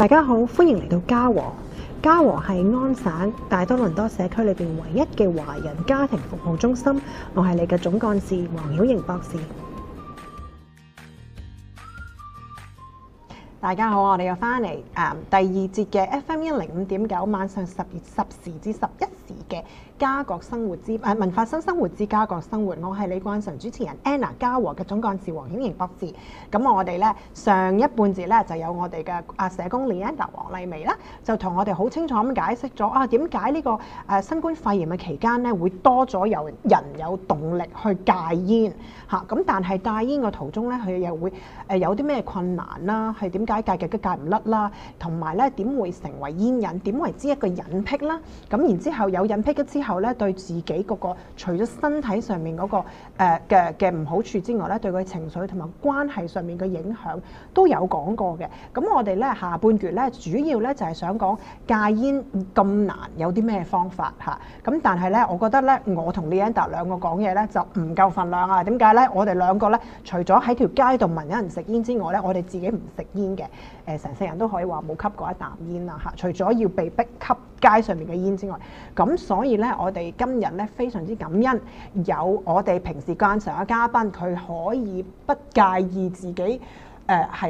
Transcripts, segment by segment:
大家好，歡迎嚟到家和。家和係安省大多倫多社區裏邊唯一嘅華人家庭服務中心。我係你嘅總幹事黃曉瑩博士。大家好，我哋又翻嚟，誒，第二節嘅 F M 一零五點九，晚上十月十時至十一。嘅家國生活之，啊文化新生活之家國生活，我係李冠臣，主持人 Anna，家和嘅總幹事黃曉瑩博士。咁我哋咧上一半節咧就有我哋嘅啊社工李安娜、黃麗薇啦，就同我哋好清楚咁解釋咗啊點解呢個誒新冠肺炎嘅期間咧會多咗有人有動力去戒煙嚇。咁但係戒煙嘅途中咧佢又會誒有啲咩困難啦？係點解戒極都戒唔甩啦？同埋咧點會成為煙癮？點為之一個隱僻啦？咁然之後有。 有引癖之後咧，對自己嗰個除咗身體上面嗰、那個嘅嘅唔好處之外咧，對佢情緒同埋關係上面嘅影響都有講過嘅。咁我哋咧下半段咧，主要咧就係想講戒煙咁難有啲咩方法嚇。咁但係咧，我覺得咧，我同李恩達兩個講嘢咧就唔夠份量啊。點解咧？我哋兩個咧，除咗喺條街度聞有人食煙之外咧，我哋自己唔食煙嘅。誒、呃，成世人都可以話冇吸過一啖煙啦嚇。除咗要被逼吸街上面嘅煙之外，咁。咁所以呢，我哋今日呢，非常之感恩，有我哋平時慣常嘅嘉賓，佢可以不介意自己誒係、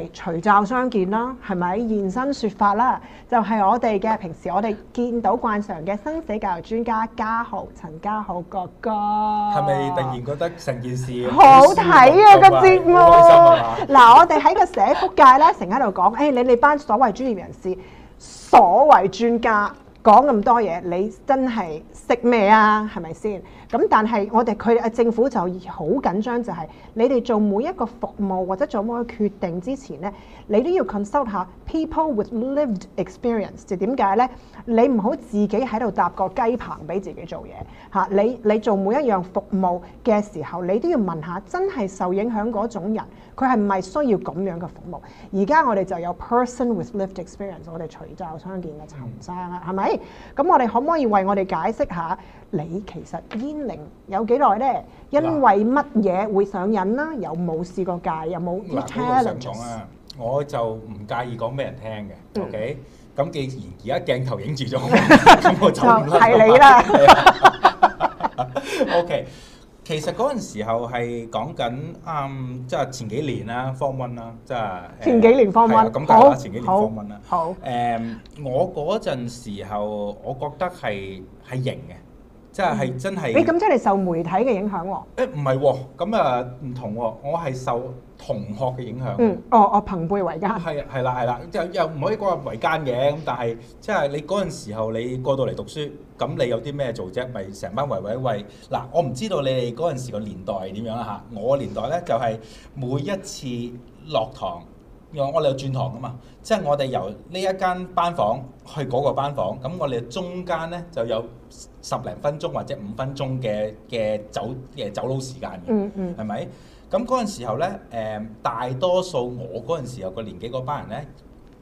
呃、隨驟相見啦，係咪現身說法啦？就係、是、我哋嘅平時我哋見到慣常嘅生死教育專家家豪陳家豪哥哥，係咪突然覺得成件事好睇啊？個節目、啊，嗱、啊、 我哋喺個社福界呢，成日喺度講，誒 你哋班所謂專業人士，所謂專家。講咁多嘢，你真係識咩啊？係咪先？咁但係我哋佢誒政府就好緊張，就係你哋做每一個服務或者做每一個決定之前呢，你都要 consult 下 people with lived experience。就點解呢？你唔好自己喺度搭個雞棚俾自己做嘢嚇。你你做每一樣服務嘅時候，你都要問下真係受影響嗰種人，佢係唔係需要咁樣嘅服務？而家我哋就有 person with lived experience，我哋除皺相見嘅陳生啦，係咪？咁我哋可唔可以為我哋解釋下？你其實煙齡有幾耐咧？因為乜嘢會上癮啦？有冇試過戒？有冇 challenge？我想講啊！我就唔介意講俾人聽嘅，OK？咁既然而家鏡頭影住咗，咁我就係你啦。OK？其實嗰陣時候係講緊啱，即係前幾年啦，form one 啦，即係前幾年 form one。咁講下前幾年 form one 啦，好誒！我嗰陣時候，我覺得係係型嘅。即係係真係，誒咁即係受媒體嘅影響喎。誒唔係喎，咁啊唔同喎，我係受同學嘅影響。嗯，哦哦，朋輩為奸。係係啦係啦，又又唔可以講話為奸嘅咁，但係即係你嗰陣時候你過到嚟讀書，咁你有啲咩做啫？咪成班圍圍喂。嗱，我唔知道你哋嗰陣時個年代係點樣啦嚇。我年代咧就係每一次落堂。我哋有轉堂㗎嘛，即係我哋由呢一間班房去嗰個班房，咁我哋中間呢就有十零分鐘或者五分鐘嘅嘅走嘅走佬時間嘅，係咪、嗯嗯？咁嗰陣時候呢？誒、呃、大多數我嗰陣時候個年紀嗰班人呢，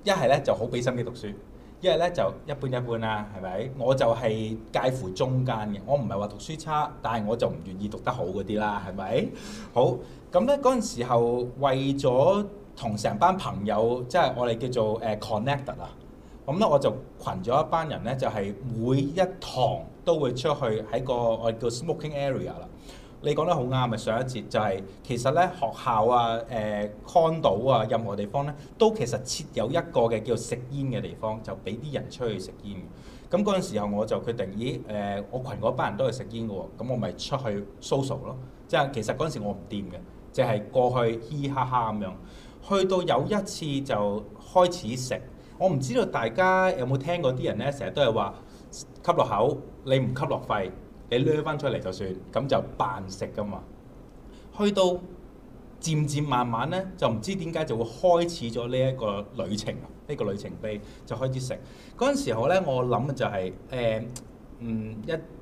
一係呢就好俾心機讀書，一係呢就一半一半啦、啊，係咪？我就係介乎中間嘅，我唔係話讀書差，但係我就唔願意讀得好嗰啲啦，係咪？好，咁呢，嗰陣時候為咗同成班朋友即係我哋叫做誒 connect 啊、嗯，咁咧我就群咗一班人咧，就係、是、每一堂都會出去喺個我哋叫 smoking area 啦。你講得好啱啊！上一節就係、是、其實咧學校啊、誒、呃、condo 啊，任何地方咧都其實設有一個嘅叫食煙嘅地方，就俾啲人出去食煙嘅。咁嗰陣時候我就決定咦誒，我群嗰班人都係食煙嘅，咁、嗯、我咪出去 social 咯。So, 即係其實嗰陣時我唔掂嘅，淨係過去嘻嘻哈哈咁樣。去到有一次就開始食，我唔知道大家有冇聽過啲人呢，成日都係話吸落口，你唔吸落肺，你掠翻出嚟就算，咁就扮食㗎嘛。去到漸漸慢慢呢，就唔知點解就會開始咗呢一個旅程，呢個旅程碑就開始食。嗰陣時候呢，我諗就係誒嗯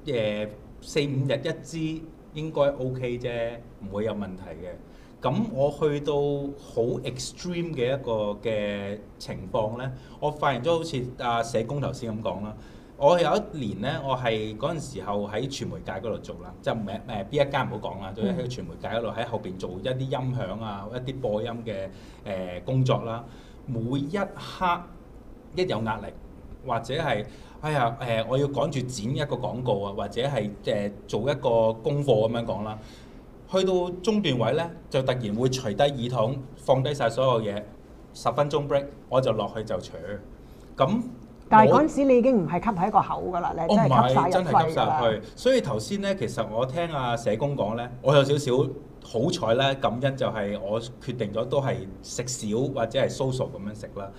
一誒四五日一支應該 OK 啫，唔會有問題嘅。咁我去到好 extreme 嘅一個嘅情況咧，我發現咗好似啊社工頭先咁講啦。我有一年咧，我係嗰陣時候喺傳媒界嗰度做啦、呃，即係唔係誒邊一間唔好講啦，都喺傳媒界嗰度喺後邊做一啲音響啊、一啲播音嘅誒、呃、工作啦。每一刻一有壓力，或者係哎呀誒、呃，我要趕住剪一個廣告啊，或者係誒、呃、做一個功課咁樣講啦。去到中段位呢，就突然會除低耳筒，放低晒所有嘢，十分鐘 break，我就落去就除。咁，但係嗰陣時你已經唔係吸喺個口㗎啦，你真係吸晒入去，吸去。所以頭先呢，其實我聽阿、啊、社工講呢，我有少少好彩呢，感恩就係我決定咗都係食少或者係 so-so 咁樣食啦。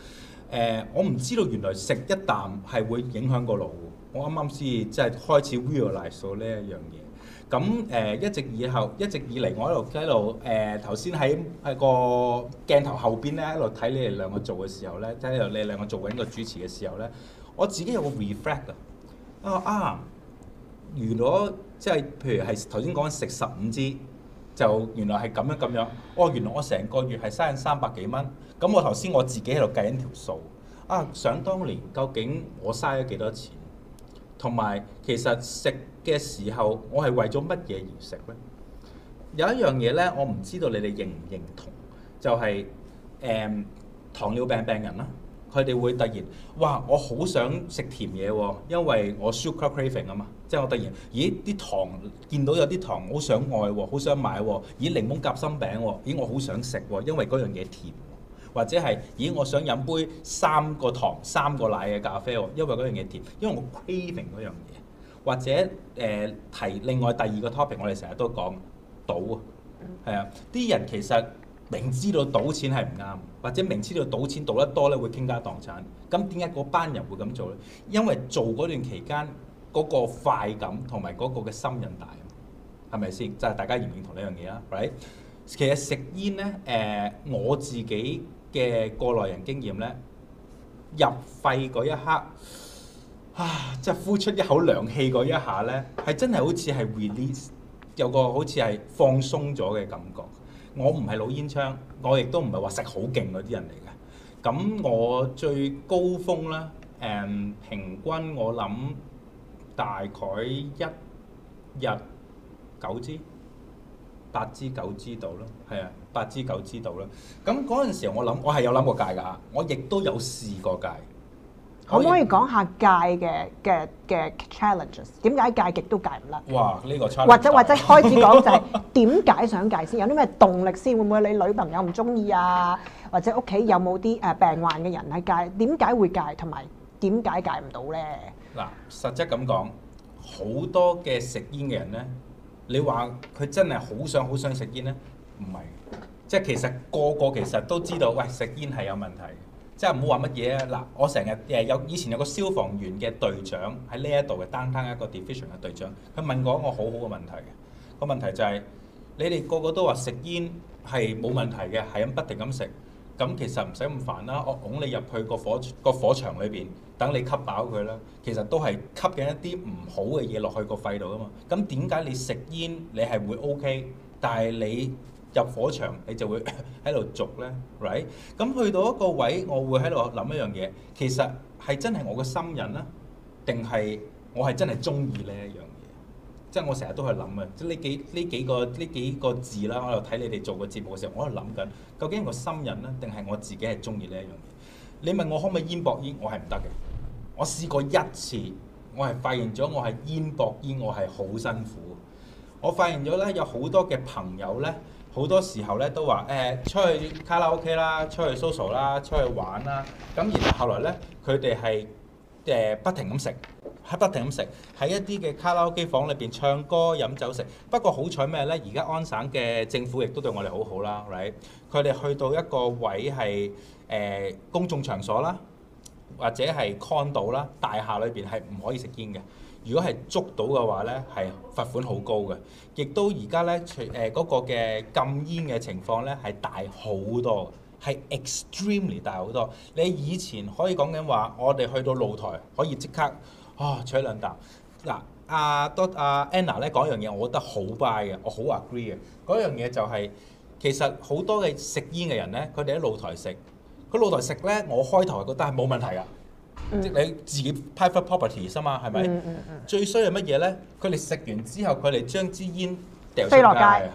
誒、呃，我唔知道原來食一啖係會影響個腦，我啱啱先即係開始 realize 到呢一樣嘢。咁，誒，一直以後，一直以嚟，我一路喺度，誒，頭先喺喺個鏡頭後邊咧，一路睇你哋兩個做嘅時候咧，睇到你哋兩個做緊個主持嘅時候咧，我自己有個 reflect 嘅啊啊！如果即係譬如係頭先講食十五支，就原來係咁樣咁樣。哦，原來我成個月係嘥咗三百幾蚊。咁我頭先我自己喺度計緊條數啊！想當年究竟我嘥咗幾多錢？同埋，其實食嘅時候，我係為咗乜嘢而食呢？有一樣嘢呢，我唔知道你哋認唔認同，就係、是、誒、嗯、糖尿病病人啦，佢哋會突然哇，我好想食甜嘢，因為我 sugar craving 啊嘛，即係我突然咦啲糖見到有啲糖好想愛喎，好想買喎，咦檸檬夾心餅喎，咦我好想食喎，因為嗰樣嘢甜。或者係，咦，我想飲杯三個糖三個奶嘅咖啡喎，因為嗰樣嘢甜，因為我 craving 嗰樣嘢。或者誒、呃、提另外第二個 topic，我哋成日都講賭啊，係啊，啲人其實明知道賭錢係唔啱，或者明知道賭錢賭得多咧會傾家蕩產，咁點解嗰班人會咁做咧？因為做嗰段期間嗰、嗰個快感同埋嗰個嘅心癮大，係咪先？就係、是、大家認唔認同呢樣嘢啊？Right 其實食煙咧誒，我自己。嘅過來人經驗呢，入肺嗰一刻，啊！即係呼出一口涼氣嗰一下呢，係真係好似係 release 有個好似係放鬆咗嘅感覺。我唔係老煙槍，我亦都唔係話食好勁嗰啲人嚟嘅。咁我最高峰咧，誒、嗯、平均我諗大概一日九支、八支、九支到咯，係啊。八知九知道啦，咁嗰陣時我諗，我係有諗過戒㗎，我亦都有試過戒。可唔可以講下戒嘅嘅嘅 challenges？點解戒極都戒唔甩？哇！呢、這個 challenge 或者或者開始講就係點解想戒先，有啲咩動力先？會唔會你女朋友唔中意啊？或者屋企有冇啲誒病患嘅人喺戒？點解會戒？同埋點解戒唔到咧？嗱，實質咁講，好多嘅食煙嘅人咧，你話佢真係好想好想食煙咧？唔係，即係其實個個其實都知道，喂，食煙係有問題。即係唔好話乜嘢啊！嗱，我成日誒有以前有個消防員嘅隊長喺呢一度嘅單單一個 defusion 嘅隊長，佢問我一個，過一個好好嘅問題。個問題就係、是、你哋個個都話食煙係冇問題嘅，係咁不停咁食咁，其實唔使咁煩啦。我㧬你入去個火個火場裏邊等你吸飽佢啦，其實都係吸緊一啲唔好嘅嘢落去個肺度啊嘛。咁點解你食煙你係會 O、OK, K，但係你？入火場，你就會喺度逐咧，right 咁去到一個位，我會喺度諗一樣嘢，其實係真係我嘅心癮呢？定係我係真係中意呢一樣嘢？即係我成日都係諗啊！即係呢幾呢幾個呢幾個字啦，我喺度睇你哋做個節目嘅時候，我係諗緊究竟我心癮呢？定係我自己係中意呢一樣嘢？你問我可唔可以煙博煙，我係唔得嘅。我試過一次，我係發現咗我係煙博煙，我係好辛苦。我發現咗咧，有好多嘅朋友咧。好多時候咧都話誒、欸、出去卡拉 OK 啦，出去 s o c i 啦，出去玩啦。咁然後後來咧，佢哋係誒不停咁食，係不停咁食，喺一啲嘅卡拉 OK 房裏邊唱歌飲酒食。不過好彩咩咧？而家安省嘅政府亦都對我哋好好啦，係。佢哋去到一個位係誒、呃、公眾場所啦，或者係 con 道啦、大廈裏邊係唔可以食煙嘅。.如果係捉到嘅話呢，係罰款好高嘅，亦都而家呢，除誒嗰、呃嗰個嘅禁煙嘅情況呢，係大好多，係 extremely 大好多。你以前可以講緊話，我哋去到露台可以即刻、哦、兩啊，取兩啖。嗱、啊，阿多阿 Anna 呢，講一樣嘢，我覺得好 buy 嘅，我好 agree 嘅。嗰樣嘢就係、是、其實好多嘅食煙嘅人呢，佢哋喺露台食，佢露台食呢，我開頭係覺得係冇問題噶。嗯、即你自己 private properties 啊嘛，係咪？嗯嗯嗯、最衰係乜嘢咧？佢哋食完之後，佢哋將支煙掉落街，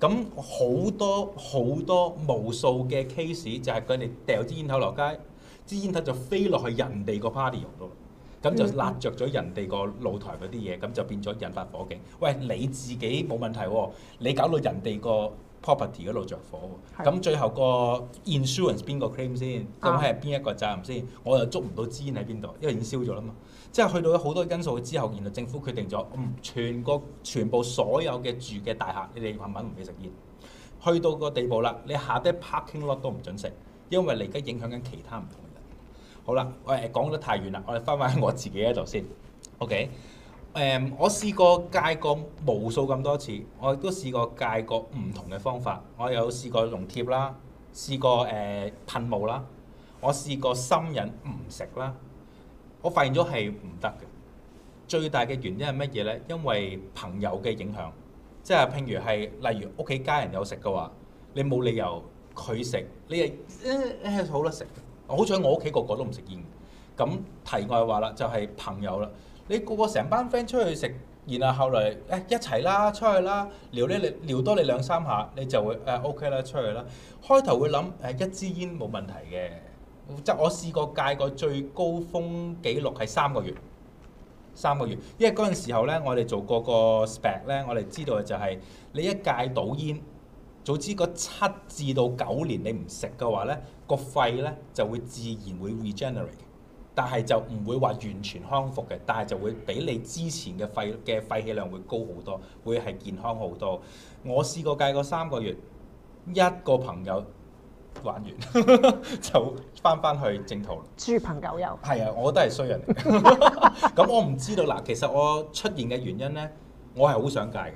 咁好多好、嗯、多，多無數嘅 case 就係佢哋掉支煙頭落街，支煙頭就飛落去人哋個 party 度，咁就攔着辣着咗人哋個露台嗰啲嘢，咁就變咗引發火警。喂，你自己冇問題喎、啊，你搞到人哋個～property 嗰度着火喎，咁的最後個 insurance 邊個 claim 先？咁係邊一個責任先？我又捉唔到支煙喺邊度，因為已經燒咗啦嘛。即係去到好多因素之後，原來政府決定咗，嗯，全個全部所有嘅住嘅大廈，你哋慢慢唔俾食煙。去到個地步啦，你下低 parking lot 都唔准食，因為嚟緊影響緊其他唔同嘅人。好啦，我哋講得太遠啦，我哋翻返我自己喺度先，OK。誒、嗯，我試過戒過無數咁多次，我亦都試過戒過唔同嘅方法。我有試過用貼啦，試過誒、呃、噴霧啦，我試過心癮唔食啦。我發現咗係唔得嘅。最大嘅原因係乜嘢咧？因為朋友嘅影響，即係譬如係例如屋企家人有食嘅話，你冇理由佢食，你係好啦食。好彩我屋企個個都唔食煙。咁題外話啦，就係、是、朋友啦。你個個成班 friend 出去食，然後後來誒、哎、一齊啦，出去啦，撩咧撩多你兩三下，你就會誒、啊、OK 啦，出去啦。開頭會諗誒一支煙冇問題嘅。即係我試過戒過最高峰記錄係三個月，三個月，因為嗰陣時候咧，我哋做過個 spec 咧，我哋知道嘅就係你一戒到煙，早知嗰七至到九年你唔食嘅話咧，個肺咧就會自然會 regenerate。但係就唔會話完全康復嘅，但係就會比你之前嘅肺嘅肺氣量會高好多，會係健康好多。我試過戒過三個月，一個朋友玩完 就翻翻去正途，豬朋狗友。係啊，我都係衰人嚟嘅。咁、 嗯、我唔知道啦。其實我出現嘅原因呢，我係好想戒嘅。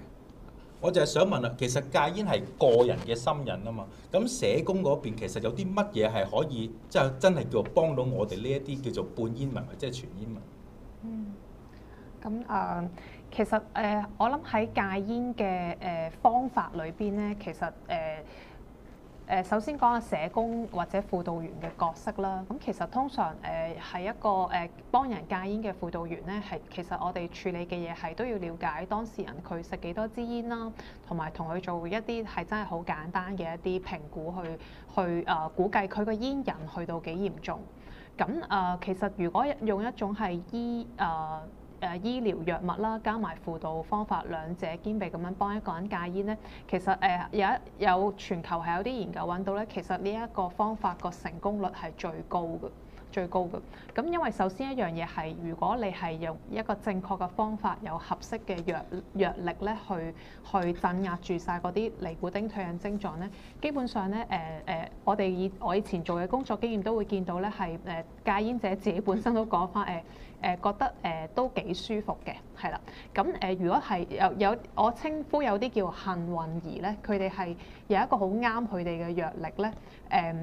我就係想問啦，其實戒煙係個人嘅心癮啊嘛，咁社工嗰邊其實有啲乜嘢係可以即係真係叫做幫到我哋呢一啲叫做半煙民或者係全煙民？嗯，嗯，咁啊，呃呃，其實誒，我諗喺戒煙嘅誒方法裏邊咧，其實誒。誒首先講下社工或者輔導員嘅角色啦。咁其實通常誒係一個誒幫人戒煙嘅輔導員咧，係其實我哋處理嘅嘢係都要了解當事人佢食幾多支煙啦，同埋同佢做一啲係真係好簡單嘅一啲評估去，去去誒估計佢個煙癮去到幾嚴重。咁誒其實如果用一種係醫誒。呃誒、啊、醫療藥物啦，加埋輔導方法兩者兼備咁樣幫一個人戒煙咧，其實誒、呃、有一有全球係有啲研究搵到咧，其實呢一個方法個成功率係最高嘅，最高嘅。咁因為首先一樣嘢係，如果你係用一個正確嘅方法，有合適嘅藥藥力咧，去去鎮壓住晒嗰啲尼古丁退癮症狀咧，基本上咧誒誒，我哋以我以前做嘅工作經驗都會見到咧，係誒、呃、戒煙者自己本身都講返誒。呃呃誒覺得誒、呃、都幾舒服嘅，係啦。咁、嗯、誒如果係有有我稱呼有啲叫幸運兒咧，佢哋係有一個好啱佢哋嘅藥力咧。誒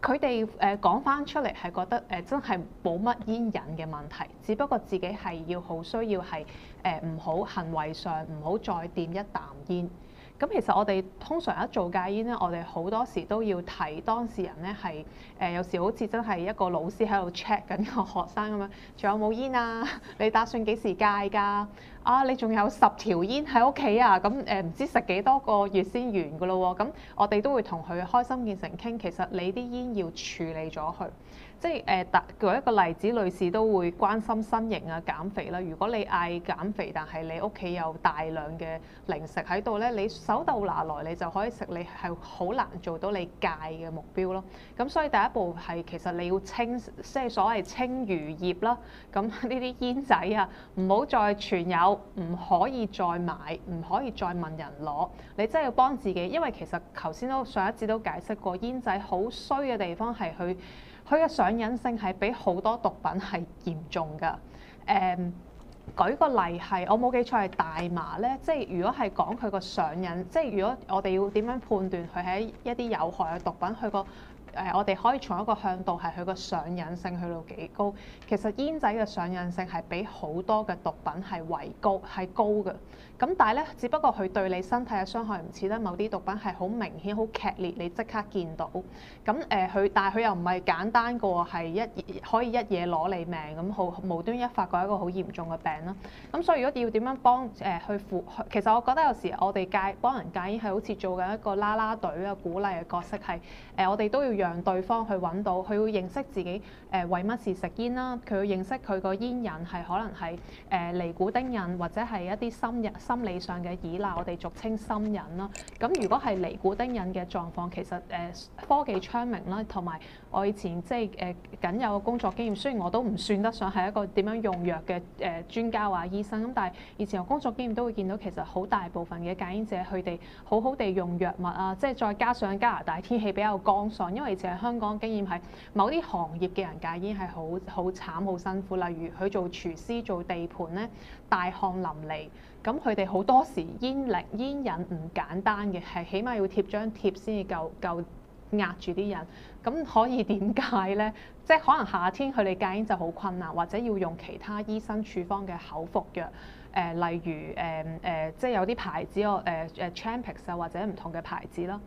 佢哋誒講翻出嚟係覺得誒、呃、真係冇乜煙癮嘅問題，只不過自己係要好需要係誒唔好行為上唔好再掂一啖煙。咁其實我哋通常一做戒煙咧，我哋好多時都要睇當事人咧係誒，有時好似真係一個老師喺度 check 緊個學生咁樣，仲有冇煙啊？ 你打算幾時戒㗎？啊！你仲有十條煙喺屋企啊？咁誒唔知食幾多個月先完㗎咯喎？咁、嗯、我哋都會同佢開心見誠傾。其實你啲煙要處理咗佢，即係誒大舉一個例子，女士都會關心身形啊減肥啦。如果你嗌減肥，但係你屋企有大量嘅零食喺度咧，你手到拿來你就可以食。你係好難做到你戒嘅目標咯。咁、嗯、所以第一步係其實你要清，即係所謂清餘孽啦。咁呢啲煙仔啊，唔好再存有。唔可以再買，唔可以再問人攞。你真係要幫自己，因為其實頭先都上一節都解釋過，煙仔好衰嘅地方係佢佢嘅上癮性係比好多毒品係嚴重㗎。誒、嗯，舉個例係，我冇記錯係大麻咧，即係如果係講佢個上癮，即係如果我哋要點樣判斷佢喺一啲有害嘅毒品，佢個。誒，我哋可以從一個向度係佢個上癮性去到幾高。其實煙仔嘅上癮性係比好多嘅毒品係為高，係高嘅。咁但係咧，只不過佢對你身體嘅傷害唔似得某啲毒品係好明顯、好劇烈，你即刻見到。咁誒，佢但係佢又唔係簡單噶喎，係一可以一嘢攞你命咁，好無端一發覺一個好嚴重嘅病啦。咁所以如果要點樣幫誒、呃、去扶，其實我覺得有時我哋戒幫人戒煙係好似做緊一個啦啦隊呀鼓勵嘅角色，係誒、呃、我哋都要讓對方去揾到，佢會認識自己誒、呃、為乜事食煙啦，佢會認識佢個煙癮係可能係誒、呃、尼古丁癮或者係一啲心心理上嘅依賴，我哋俗稱心癮啦。咁如果係尼古丁癮嘅狀況，其實誒、呃、科技昌明啦，同埋我以前即係誒僅有嘅工作經驗，雖然我都唔算得上係一個點樣用藥嘅誒專家或醫生，咁但係以前我工作經驗都會見到其實好大部分嘅戒煙者佢哋好好地用藥物啊，即係再加上加拿大天氣比較乾爽，因為而且香港經驗係某啲行業嘅人戒煙係好好慘好辛苦，例如佢做廚師做地盤咧，大汗淋漓，咁佢哋好多時煙力煙癮唔簡單嘅，係起碼要貼張貼先至夠夠壓住啲人。咁可以點解咧？即係可能夏天佢哋戒煙就好困難，或者要用其他醫生處方嘅口服藥，誒、呃、例如誒誒、呃呃，即係有啲牌子哦，誒誒 Champix 啊，Ch ix, 或者唔同嘅牌子咯。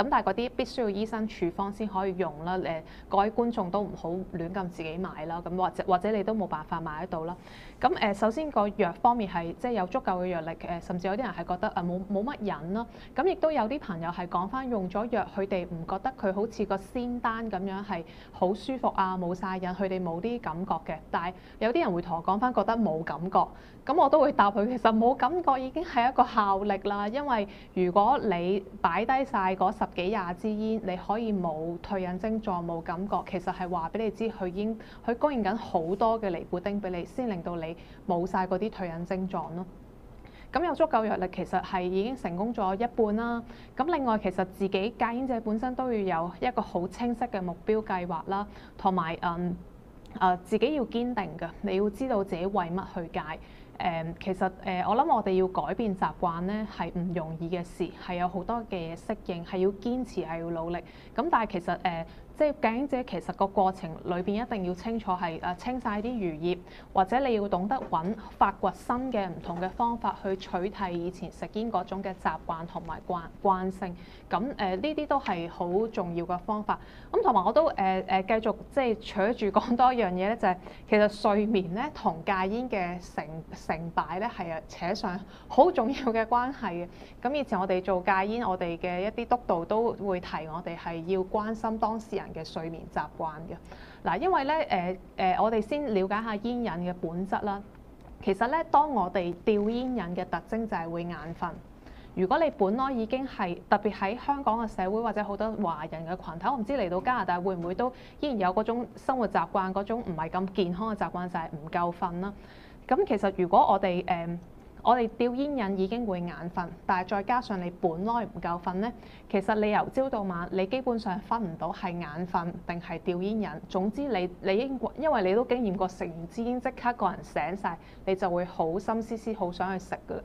咁但係嗰啲必須要醫生處方先可以用啦，誒各位觀眾都唔好亂咁自己買啦，咁或者或者你都冇辦法買得到啦。咁誒，首先個藥方面係即係有足夠嘅藥力誒，甚至有啲人係覺得誒冇冇乜癮咯。咁亦都有啲朋友係講翻用咗藥，佢哋唔覺得佢好似個仙丹咁樣係好舒服啊，冇晒癮，佢哋冇啲感覺嘅。但係有啲人會同我講翻覺得冇感覺，咁我都會答佢，其實冇感覺已經係一個效力啦，因為如果你擺低晒嗰十幾廿支煙，你可以冇退癮症狀冇感覺，其實係話俾你知佢已經佢供應緊好多嘅尼古丁俾你，先令到你。冇晒嗰啲退隱症狀咯，咁有足夠藥力，其實係已經成功咗一半啦。咁另外其實自己戒煙者本身都要有一個好清晰嘅目標計劃啦，同埋誒誒自己要堅定嘅，你要知道自己為乜去戒。誒其實誒、呃、我諗我哋要改變習慣咧係唔容易嘅事，係有好多嘅嘢適應，係要堅持，係要努力。咁但係其實誒即係戒煙者其實個過程裏邊一定要清楚係誒清晒啲餘業，或者你要懂得揾發掘新嘅唔同嘅方法去取替以前食煙嗰種嘅習慣同埋慣慣性。咁誒呢啲都係好重要嘅方法。咁同埋我都誒誒、呃、繼續即係扯住講多一樣嘢咧，就係、是、其實睡眠咧同戒煙嘅成成敗咧係啊扯上好重要嘅關係嘅。咁以前我哋做戒煙，我哋嘅一啲督導都會提我哋係要關心當事人嘅睡眠習慣嘅。嗱，因為咧誒誒，我哋先了解下煙癮嘅本質啦。其實咧，當我哋掉煙癮嘅特徵就係會眼瞓。如果你本來已經係特別喺香港嘅社會或者好多華人嘅群體，我唔知嚟到加拿大會唔會都依然有嗰種生活習慣，嗰種唔係咁健康嘅習慣，就係唔夠瞓啦。咁其實如果我哋誒、uh, 我哋吊煙癮已經會眼瞓，但係再加上你本來唔夠瞓咧，其實你由朝到晚，你基本上分唔到係眼瞓定係吊煙癮。總之你你應因為你都經驗過食完支煙即刻個人醒晒，你就會好心思思好想去食㗎。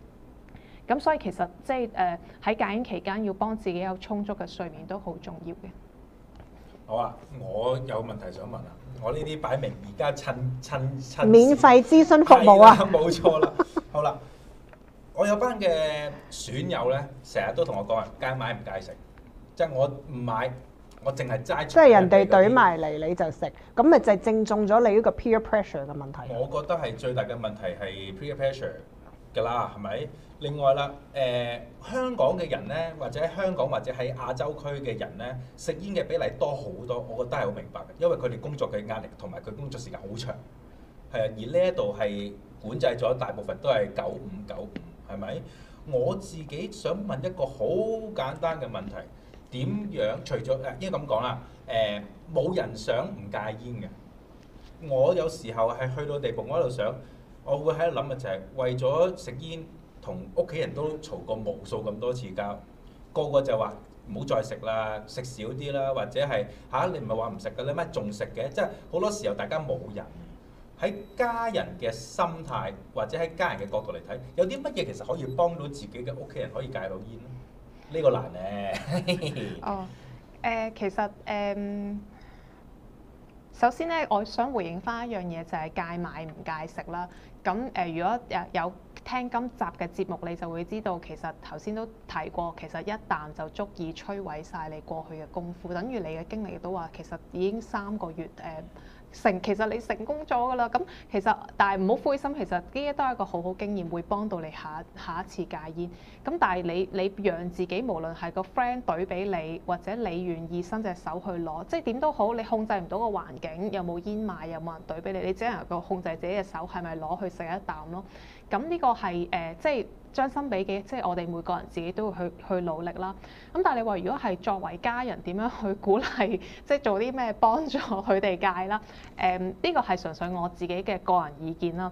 咁所以其實即係誒喺戒煙期間要幫自己有充足嘅睡眠都好重要嘅。好啊，我有問題想問啊。我呢啲擺明而家趁趁趁免費諮詢服務啊，冇錯啦。 好啦，我有班嘅損友咧，成日都同我講，介買唔介食，即係我唔買，我淨係齋，即係人哋懟埋嚟你就食，咁咪就正中咗你呢個 peer pressure 嘅問題。我覺得係最大嘅問題係 peer pressure。嘅啦，係咪？另外啦，誒香港嘅人咧，或者香港或者喺亞洲區嘅人咧，食煙嘅比例多好多，我覺得係好明白嘅，因為佢哋工作嘅壓力同埋佢工作時間好長，係啊。而呢一度係管制咗大部分都係九五九五，係咪？我自己想問一個好簡單嘅問題，點樣？除咗誒，應該咁講啦，誒冇人想唔戒煙嘅。我有時候係去到地步，我喺度想。我會喺度諗嘅就係、是、為咗食煙，同屋企人都嘈過無數咁多次交。個個就話唔好再食啦，食少啲啦，或者係吓、啊，你唔係話唔食嘅咧，你咪仲食嘅，即係好多時候大家冇人喺家人嘅心態，或者喺家人嘅角度嚟睇，有啲乜嘢其實可以幫到自己嘅屋企人可以戒到煙咧？呢、這個難咧。 哦，誒、呃，其實誒。呃首先咧，我想回應翻一樣嘢，就係、是、戒買唔戒食啦。咁誒、呃，如果有有聽今集嘅節目，你就會知道其實頭先都提過，其實一啖就足以摧毀晒你過去嘅功夫，等於你嘅經歷亦都話，其實已經三個月誒。呃成其實你成功咗㗎啦，咁其實但係唔好灰心，其實呢啲都係一個好好經驗，會幫到你下下一次戒煙。咁但係你你讓自己無論係個 friend 懟俾你，或者你願意伸隻手去攞，即係點都好，你控制唔到個環境，有冇煙賣，有冇人懟俾你，你只能夠控制自己嘅手係咪攞去食一啖咯。咁、這、呢個係誒、呃、即係。將心比己，即係我哋每個人自己都會去去努力啦。咁但係你話如果係作為家人，點樣去鼓勵，即係做啲咩幫助佢哋戒啦？誒、嗯，呢個係純粹我自己嘅個人意見啦。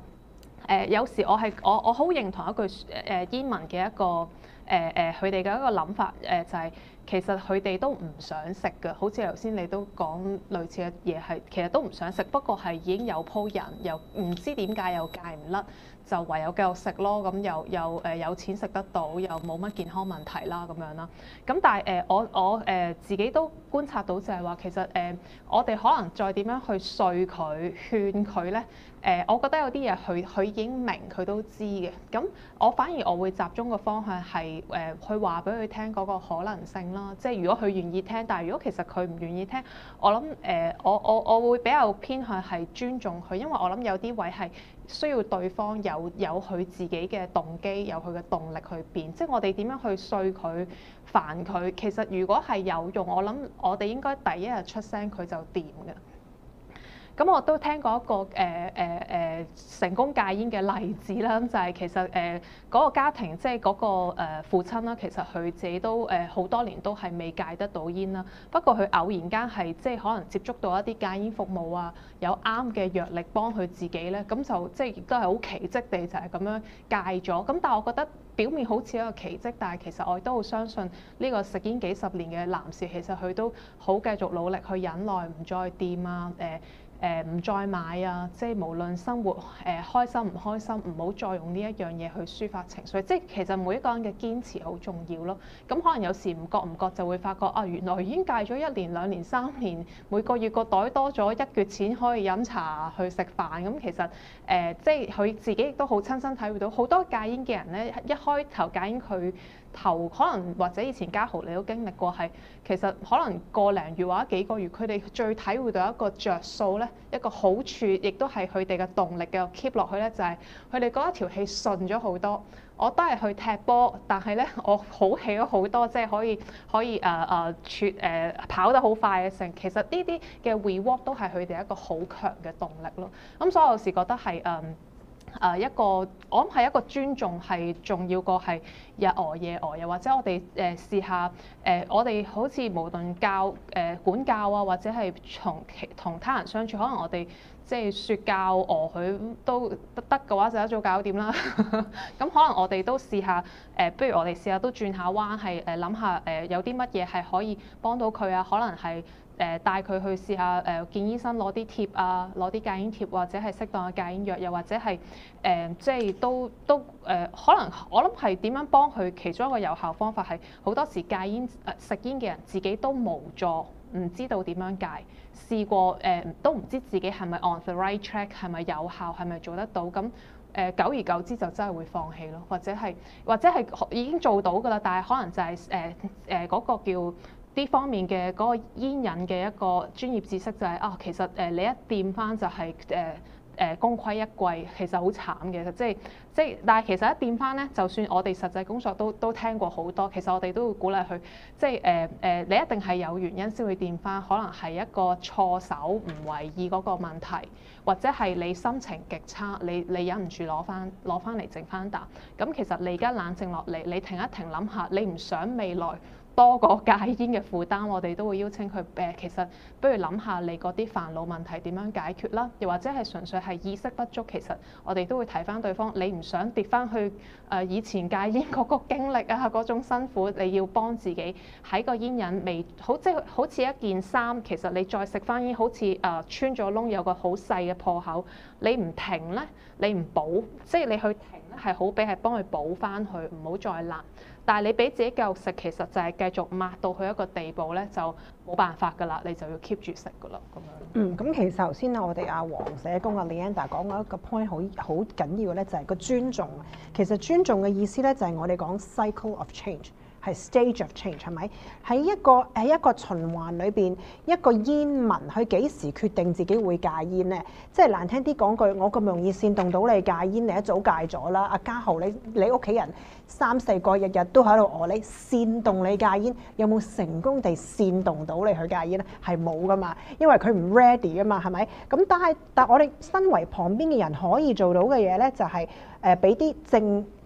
誒、呃，有時我係我我好認同一句誒、呃、英文嘅一個。誒誒，佢哋嘅一個諗法，誒、呃、就係、是、其實佢哋都唔想食嘅，好似頭先你都講類似嘅嘢，係其實都唔想食，不過係已經有鋪人，又唔知點解又戒唔甩，就唯有繼續食咯。咁又又誒、呃、有錢食得到，又冇乜健康問題啦，咁樣啦。咁但係誒、呃，我我誒、呃、自己都觀察到就係話，其實誒、呃、我哋可能再點樣去勸佢，勸佢咧？誒、呃，我覺得有啲嘢佢佢已經明，佢都知嘅。咁我反而我會集中個方向係。誒、呃、去話俾佢聽嗰個可能性啦，即係如果佢願意聽，但係如果其實佢唔願意聽，我諗誒、呃，我我我會比較偏向係尊重佢，因為我諗有啲位係需要對方有有佢自己嘅動機，有佢嘅動力去變。即係我哋點樣去碎佢、煩佢，其實如果係有用，我諗我哋應該第一日出聲，佢就掂嘅。咁我都聽過一個誒誒誒成功戒煙嘅例子啦，就係、係、其實誒嗰、呃嗰個家庭即係嗰個、呃、父親啦，其實佢自己都誒好、呃、多年都係未戒得到煙啦。不過佢偶然間係即係可能接觸到一啲戒煙服務啊，有啱嘅藥力幫佢自己咧，咁就即係亦都係好奇蹟地就係咁樣戒咗。咁但係我覺得表面好似一個奇蹟，但係其實我亦都好相信呢個食煙幾十年嘅男士，其實佢都好繼續努力去忍耐，唔再掂啊誒。誒唔、呃、再買啊！即係無論生活誒、呃、開心唔開心，唔好再用呢一樣嘢去抒發情緒。即係其實每一個人嘅堅持好重要咯。咁、嗯、可能有時唔覺唔覺就會發覺啊，原來已經戒咗一年、兩年、三年，每個月個袋多咗一嚿錢可以飲茶去食飯。咁、嗯、其實誒、呃，即係佢自己亦都好親身體會到，好多戒煙嘅人咧，一開頭戒煙佢。頭可能或者以前家豪你都經歷過，係，其實可能個零月或者幾個月，佢哋最體會到一個着數咧，一個好處，亦都係佢哋嘅動力嘅 keep 落去咧、就是，就係佢哋嗰一條氣順咗好多。我都係去踢波，但係咧我好起咗好多，即係可以可以誒誒，竄、uh, uh, 跑得好快嘅成。其實呢啲嘅 reward 都係佢哋一個好強嘅動力咯。咁所以我有時覺得係誒。Um, 誒一個，我諗係一個尊重係重要過係日餓、呃、夜餓、呃，又或者我哋誒試下誒、呃，我哋好似無論教誒、呃、管教啊，或者係從其同他人相處，可能我哋。即係説教，我佢都得得嘅話，就一早搞掂啦。咁 可能我哋都試下，誒、呃，不如我哋試下都轉下彎，係誒諗下誒有啲乜嘢係可以幫到佢啊？可能係誒帶佢去試下誒、呃、見醫生，攞啲貼啊，攞啲戒煙貼，或者係適當嘅戒煙藥，又或者係誒、呃、即係都都誒、呃，可能我諗係點樣幫佢？其中一個有效方法係好多時戒煙、呃、食煙嘅人自己都無助。唔知道點樣戒，試過誒、呃、都唔知自己係咪 on the right track，係咪有效，係咪做得到？咁誒、呃、久而久之就真係會放棄咯，或者係或者係已經做到㗎喇，但係可能就係誒誒嗰個叫啲方面嘅嗰、嗰個煙癮嘅一個專業知識就係、係、啊、哦，其實誒、呃、你一掂翻就係、係、誒。呃誒，功虧一簣其實好慘嘅，即係即係。但係其實一跌翻咧，就算我哋實際工作都都聽過好多。其實我哋都會鼓勵佢，即係誒誒，你一定係有原因先會跌翻，可能係一個錯手唔為意嗰個問題，或者係你心情極差，你你忍唔住攞翻攞翻嚟剩翻啖。咁其實你而家冷靜落嚟，你停一停諗下，你唔想未來。多個戒煙嘅負擔，我哋都會邀請佢誒、呃。其實不如諗下你嗰啲煩惱問題點樣解決啦，又或者係純粹係意識不足。其實我哋都會睇翻對方，你唔想跌翻去誒以前戒煙嗰個經歷啊，嗰種辛苦，你要幫自己喺個煙癮未好，即係好似一件衫。其實你再食翻煙，好似誒、呃、穿咗窿，有個好細嘅破口，你唔停咧，你唔補，即係你去停咧，係好比係幫佢補翻去，唔好再爛。但係你俾自己夠食，其實就係繼續抹到去一個地步咧，就冇辦法㗎啦。你就要 keep 住食㗎啦，咁樣。嗯，咁、嗯嗯、其實頭先啊，啊，我哋阿黃社工啊李恩達講過一個 point 好好緊要嘅咧，就係、是、個尊重。其實尊重嘅意思咧，就係、是、我哋講 cycle of change。係 stage of change 係咪？喺一個誒一個循環裏邊，一個煙民佢幾時決定自己會戒煙呢？即係難聽啲講句，我咁容易煽動到你戒煙，你一早戒咗啦。阿家豪，你你屋企人三四個日日都喺度餓你，煽動你戒煙，有冇成功地煽動到你去戒煙呢？係冇㗎嘛，因為佢唔 ready 啊嘛，係咪？咁但係，但，但我哋身為旁邊嘅人，可以做到嘅嘢呢，就係誒俾啲正。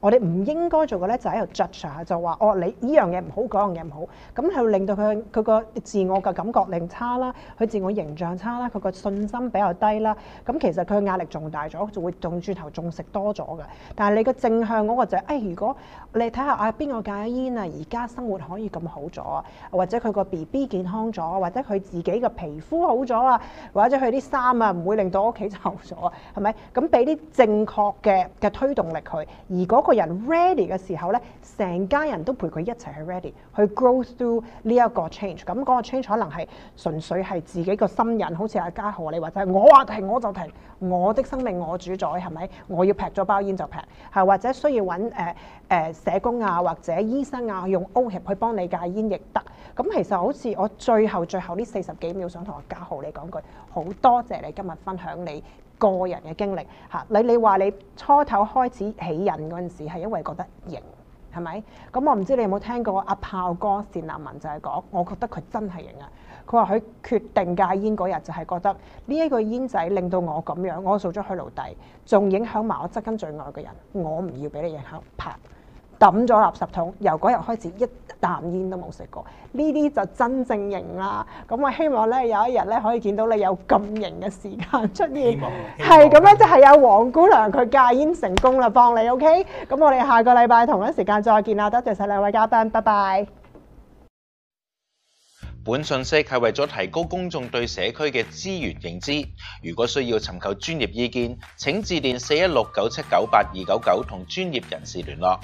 我哋唔應該做嘅咧，就喺度 judge 啊，就話哦，你呢樣嘢唔好，嗰樣嘢唔好，咁係會令到佢佢個自我嘅感覺令差啦，佢自我形象差啦，佢個信心比較低啦，咁、嗯、其實佢壓力仲大咗，就會轉頭仲食多咗嘅。但係你個正向嗰個就係、是，誒、哎，如果你睇下啊邊個戒咗煙啊，而家、啊、生活可以咁好咗啊，或者佢個 BB 健康咗啊，或者佢自己嘅皮膚好咗啊，或者佢啲衫啊唔會令到屋企臭咗啊，係咪？咁俾啲正確嘅嘅推動力佢，而嗰、那個個人 ready 嘅時候呢，成家人都陪佢一齊去 ready，去 grow through 呢一個 change。咁嗰個 change 可能係純粹係自己個心癮，好似阿嘉豪你話齋，我話停我就停，我的生命我主宰，係咪？我要劈咗包煙就劈，係或者需要揾、誒誒社工啊或者醫生啊用 O 型去幫你戒煙亦得。咁其實好似我最後最後呢四十幾秒，想同阿嘉豪你講句，好多謝你今日分享你個人嘅經歷嚇，啊，你你話你初頭開始起癮嗰陣時係因為覺得型，係咪？咁，嗯、我唔知你有冇聽過阿，啊、炮哥謝立文就係講，我覺得佢真係型啊！佢話佢決定戒煙嗰日就係，是，覺得呢一個煙仔令到我咁樣，我做咗佢奴隸，仲影響埋我側根最愛嘅人，我唔要俾你影響拍。抌咗垃圾桶，由嗰日開始一啖煙都冇食過。呢啲就真正型啦。咁我希望咧有一日咧可以見到你有咁型嘅時間出現，係咁咧就係有黃姑娘佢戒煙成功啦，幫你 OK。咁我哋下個禮拜同一時間再見啦。多謝晒兩位嘉賓，拜拜。本信息係為咗提高公眾對社區嘅資源認知。如果需要尋求專業意見，請致電四一六九七九八二九九同專業人士聯絡。